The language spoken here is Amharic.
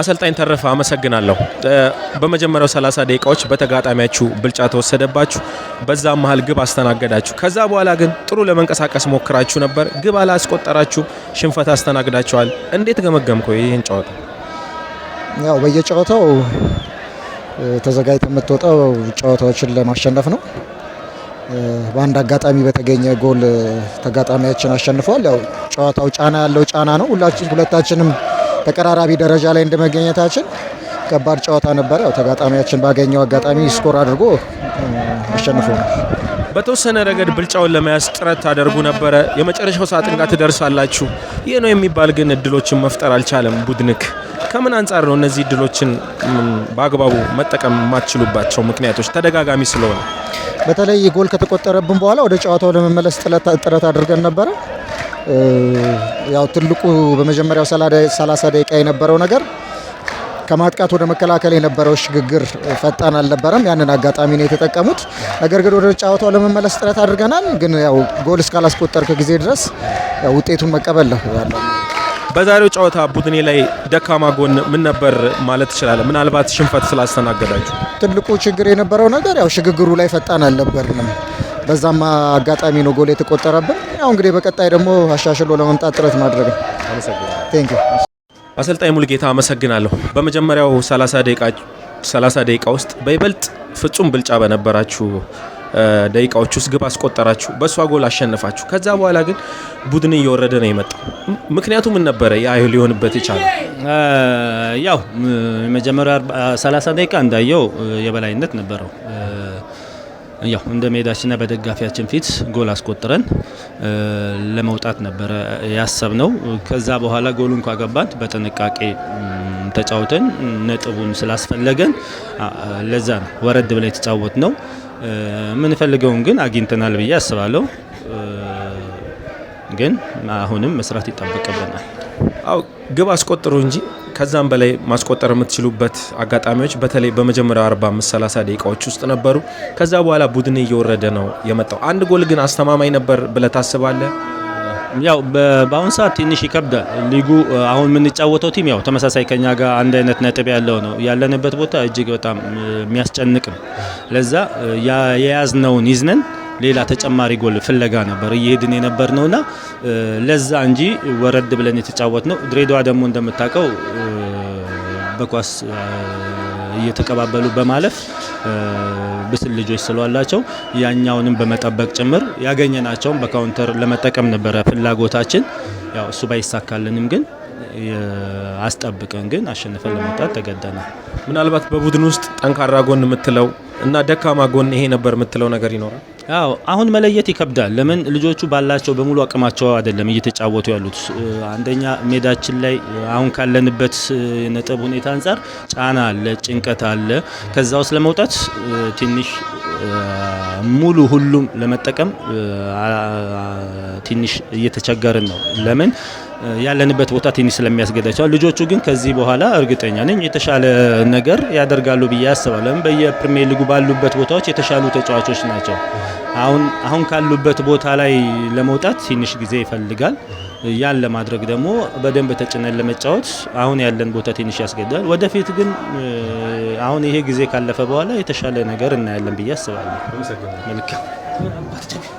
አሰልጣኝ ተረፈ አመሰግናለሁ። በመጀመሪያው 30 ደቂቃዎች በተጋጣሚያችሁ ብልጫ ተወሰደባችሁ፣ በዛ መሀል ግብ አስተናገዳችሁ። ከዛ በኋላ ግን ጥሩ ለመንቀሳቀስ ሞክራችሁ ነበር፣ ግብ አላስቆጠራችሁ፣ ሽንፈት አስተናግዳችኋል። እንዴት ገመገምከው ይህን ጨዋታ? ያው በየጨዋታው ተዘጋጅተህ የምትወጣው ጨዋታዎችን ለማሸነፍ ነው። በአንድ አጋጣሚ በተገኘ ጎል ተጋጣሚያችን አሸንፏል። ያው ጨዋታው ጫና ያለው ጫና ነው። ሁላችን ሁለታችንም ተቀራራቢ ደረጃ ላይ እንደመገኘታችን ከባድ ጨዋታ ነበረ። ተጋጣሚያችን ባገኘው አጋጣሚ ስኮር አድርጎ አሸንፎ ነው። በተወሰነ ረገድ ብልጫውን ለመያዝ ጥረት ታደርጉ ነበረ። የመጨረሻው ሰዓት ጋር ትደርሳላችሁ። ይህ ነው የሚባል ግን እድሎችን መፍጠር አልቻለም ቡድንክ። ከምን አንጻር ነው እነዚህ እድሎችን በአግባቡ መጠቀም የማትችሉባቸው ምክንያቶች ተደጋጋሚ ስለሆነ? በተለይ ጎል ከተቆጠረብን በኋላ ወደ ጨዋታው ለመመለስ ጥረት አድርገን ነበረ ያው ትልቁ በመጀመሪያው 30 ደቂቃ የነበረው ነገር ከማጥቃት ወደ መከላከል የነበረው ሽግግር ፈጣን አልነበረም። ያንን አጋጣሚ ነው የተጠቀሙት። ነገር ግን ወደ ጨዋታው ለመመለስ ጥረት አድርገናል። ግን ያው ጎል እስካላስቆጠርክ ጊዜ ድረስ ያው ውጤቱን መቀበል ነው በዛሬው ጨዋታ ቡድኔ ላይ ደካማ ጎን ምን ነበር ማለት ይችላል? ምናልባት ሽንፈት ስላስተናገዳችሁ ትልቁ ችግር የነበረው ነገር ያው ሽግግሩ ላይ ፈጣን አልነበርንም። በዛም አጋጣሚ ነው ጎል የተቆጠረብን። ያው እንግዲህ በቀጣይ ደግሞ አሻሽሎ ለመምጣት ጥረት ማድረግ ነው። አሰልጣኝ ሙልጌታ አመሰግናለሁ። በመጀመሪያው 30 ደቂቃ ውስጥ በይበልጥ ፍጹም ብልጫ በነበራችሁ ደቂቃዎች ውስጥ ግብ አስቆጠራችሁ፣ በእሷ ጎል አሸንፋችሁ። ከዛ በኋላ ግን ቡድን እየወረደ ነው የመጣው። ምክንያቱ ምን ነበረ? ያ ሊሆንበት ይቻላል? ያው የመጀመሪያ 30 ደቂቃ እንዳየው የበላይነት ነበረው ያው እንደ ሜዳችንና በደጋፊያችን ፊት ጎል አስቆጥረን ለመውጣት ነበረ ያሰብነው። ከዛ በኋላ ጎሉን ካገባን በጥንቃቄ ተጫውተን ነጥቡን ስላስፈለገን ለዛ ነው ወረድ ብለ የተጫወት ነው። የምንፈልገውን ግን አግኝተናል ብዬ አስባለሁ። ግን አሁንም መስራት ይጠበቅብናል። አው ግብ አስቆጥሩ እንጂ ከዛም በላይ ማስቆጠር የምትችሉበት አጋጣሚዎች በተለይ በመጀመሪያው 45 30 ደቂቃዎች ውስጥ ነበሩ። ከዛ በኋላ ቡድን እየወረደ ነው የመጣው። አንድ ጎል ግን አስተማማኝ ነበር ብለህ ታስባለህ? ያው በአሁኑ ሰዓት ትንሽ ይከብዳል ሊጉ። አሁን የምንጫወተው ቲም ያው ተመሳሳይ ከኛ ጋር አንድ አይነት ነጥብ ያለው ነው። ያለንበት ቦታ እጅግ በጣም የሚያስጨንቅ ነው። ለዛ የያዝነውን ይዝነን ሌላ ተጨማሪ ጎል ፍለጋ ነበር እየሄድን የነበር ነውና ለዛ እንጂ ወረድ ብለን የተጫወት ነው። ድሬዳዋ ደግሞ እንደምታውቀው በኳስ እየተቀባበሉ በማለፍ ብስል ልጆች ስሏላቸው ያኛውንም በመጠበቅ ጭምር ያገኘናቸውን በካውንተር ለመጠቀም ነበረ ፍላጎታችን። ያው እሱ ባይሳካልንም ግን አስጠብቀን ግን አሸንፈን ለመውጣት ተገደናል። ምናልባት በቡድን ውስጥ ጠንካራ ጎን የምትለው እና ደካማ ጎን ይሄ ነበር የምትለው ነገር ይኖራል? አዎ አሁን መለየት ይከብዳል። ለምን ልጆቹ ባላቸው በሙሉ አቅማቸው አይደለም እየተጫወቱ ያሉት። አንደኛ ሜዳችን ላይ አሁን ካለንበት ነጥብ ሁኔታ አንጻር ጫና አለ፣ ጭንቀት አለ። ከዛ ውስጥ ለመውጣት ትንሽ ሙሉ ሁሉም ለመጠቀም ትንሽ እየተቸገርን ነው። ለምን ያለንበት ቦታ ትንሽ ስለሚያስገዳቸው ልጆቹ ግን ከዚህ በኋላ እርግጠኛ ነኝ የተሻለ ነገር ያደርጋሉ ብዬ አስባለሁ። በየፕሪሚየር ሊጉ ባሉበት ቦታዎች የተሻሉ ተጫዋቾች ናቸው። አሁን አሁን ካሉበት ቦታ ላይ ለመውጣት ትንሽ ጊዜ ይፈልጋል። ያን ለማድረግ ደግሞ በደንብ ተጭነን ለመጫወት አሁን ያለን ቦታ ትንሽ ያስገዳል። ወደፊት ግን አሁን ይሄ ጊዜ ካለፈ በኋላ የተሻለ ነገር እናያለን ብዬ አስባለሁ። መልካም